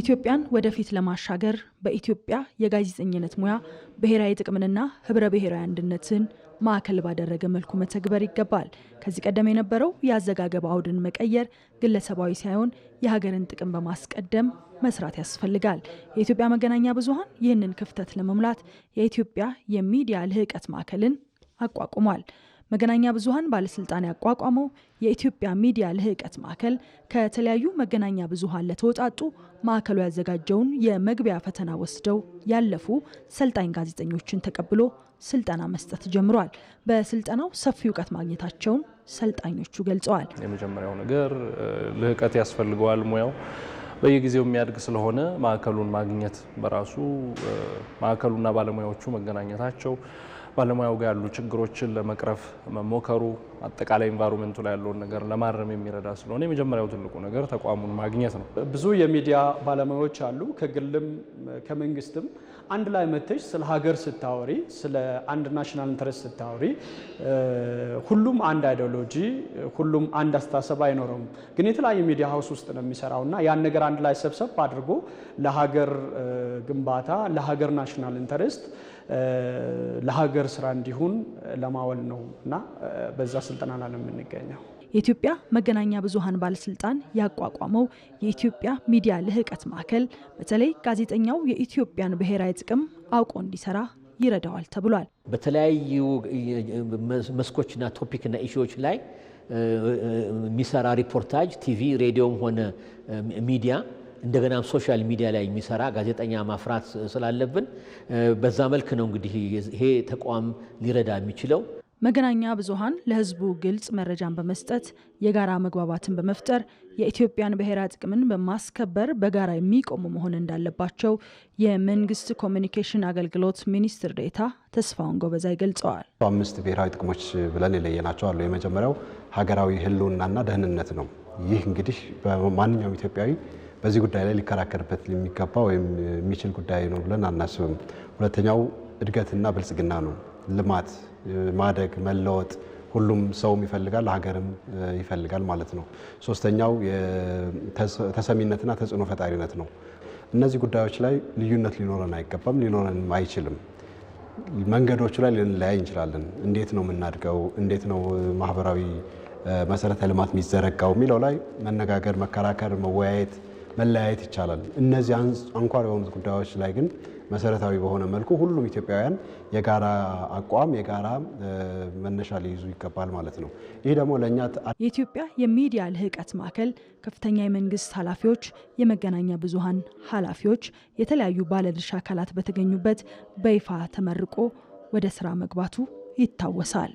ኢትዮጵያን ወደፊት ለማሻገር በኢትዮጵያ የጋዜጠኝነት ሙያ ብሔራዊ ጥቅምንና ህብረ ብሔራዊ አንድነትን ማዕከል ባደረገ መልኩ መተግበር ይገባል። ከዚህ ቀደም የነበረው የአዘጋገብ አውድን መቀየር ግለሰባዊ ሳይሆን የሀገርን ጥቅም በማስቀደም መስራት ያስፈልጋል። የኢትዮጵያ መገናኛ ብዙሀን ይህንን ክፍተት ለመሙላት የኢትዮጵያ የሚዲያ ልህቀት ማዕከልን አቋቁሟል። መገናኛ ብዙሀን ባለስልጣን ያቋቋመው የኢትዮጵያ ሚዲያ ልህቀት ማዕከል ከተለያዩ መገናኛ ብዙሀን ለተወጣጡ ማዕከሉ ያዘጋጀውን የመግቢያ ፈተና ወስደው ያለፉ ሰልጣኝ ጋዜጠኞችን ተቀብሎ ስልጠና መስጠት ጀምሯል። በስልጠናው ሰፊ እውቀት ማግኘታቸውን ሰልጣኞቹ ገልጸዋል። የመጀመሪያው ነገር ልህቀት ያስፈልገዋል ሙያው በየጊዜው የሚያድግ ስለሆነ ማዕከሉን ማግኘት በራሱ ማዕከሉና ባለሙያዎቹ መገናኘታቸው ባለሙያው ጋር ያሉ ችግሮችን ለመቅረፍ መሞከሩ አጠቃላይ ኢንቫይሮንመንቱ ላይ ያለውን ነገር ለማረም የሚረዳ ስለሆነ የመጀመሪያው ትልቁ ነገር ተቋሙን ማግኘት ነው። ብዙ የሚዲያ ባለሙያዎች አሉ፣ ከግልም ከመንግስትም። አንድ ላይ መተሽ ስለ ሀገር ስታወሪ፣ ስለ አንድ ናሽናል ኢንተረስት ስታወሪ፣ ሁሉም አንድ አይዲዮሎጂ፣ ሁሉም አንድ አስተሳሰብ አይኖረውም። ግን የተለያየ ሚዲያ ሀውስ ውስጥ ነው የሚሰራው እና ያን ነገር አንድ ላይ ሰብሰብ አድርጎ ለሀገር ግንባታ ለሀገር ናሽናል ኢንተረስት ለሀገር ስራ እንዲሆን ለማወል ነው እና በዛ ስልጠና ላይ ነው የምንገኘው። የኢትዮጵያ መገናኛ ብዙሃን ባለስልጣን ያቋቋመው የኢትዮጵያ ሚዲያ ልህቀት ማዕከል በተለይ ጋዜጠኛው የኢትዮጵያን ብሔራዊ ጥቅም አውቆ እንዲሰራ ይረዳዋል ተብሏል። በተለያዩ መስኮችና ቶፒክና ኢሽዎች ላይ የሚሰራ ሪፖርታጅ ቲቪ፣ ሬዲዮም ሆነ ሚዲያ እንደገናም ሶሻል ሚዲያ ላይ የሚሰራ ጋዜጠኛ ማፍራት ስላለብን በዛ መልክ ነው እንግዲህ ይሄ ተቋም ሊረዳ የሚችለው። መገናኛ ብዙሃን ለህዝቡ ግልጽ መረጃን በመስጠት የጋራ መግባባትን በመፍጠር የኢትዮጵያን ብሔራዊ ጥቅምን በማስከበር በጋራ የሚቆሙ መሆን እንዳለባቸው የመንግስት ኮሚኒኬሽን አገልግሎት ሚኒስትር ዴታ ተስፋውን ጎበዛ ይገልጸዋል። አምስት ብሔራዊ ጥቅሞች ብለን የለየናቸው አሉ። የመጀመሪያው ሀገራዊ ህልውናና ደህንነት ነው። ይህ እንግዲህ በማንኛውም ኢትዮጵያዊ በዚህ ጉዳይ ላይ ሊከራከርበት የሚገባ ወይም የሚችል ጉዳይ ነው ብለን አናስብም። ሁለተኛው እድገትና ብልጽግና ነው። ልማት፣ ማደግ፣ መለወጥ ሁሉም ሰውም ይፈልጋል፣ ሀገርም ይፈልጋል ማለት ነው። ሶስተኛው ተሰሚነትና ተጽዕኖ ፈጣሪነት ነው። እነዚህ ጉዳዮች ላይ ልዩነት ሊኖረን አይገባም፣ ሊኖረንም አይችልም። መንገዶቹ ላይ ልንለያይ እንችላለን። እንዴት ነው የምናድገው፣ እንዴት ነው ማህበራዊ መሰረተ ልማት የሚዘረጋው የሚለው ላይ መነጋገር፣ መከራከር፣ መወያየት መለያየት ይቻላል። እነዚህ አንኳር የሆኑት ጉዳዮች ላይ ግን መሰረታዊ በሆነ መልኩ ሁሉም ኢትዮጵያውያን የጋራ አቋም፣ የጋራ መነሻ ሊይዙ ይገባል ማለት ነው። ይህ ደግሞ ለእኛ የኢትዮጵያ የሚዲያ ልህቀት ማዕከል ከፍተኛ የመንግስት ኃላፊዎች፣ የመገናኛ ብዙሀን ኃላፊዎች፣ የተለያዩ ባለድርሻ አካላት በተገኙበት በይፋ ተመርቆ ወደ ስራ መግባቱ ይታወሳል።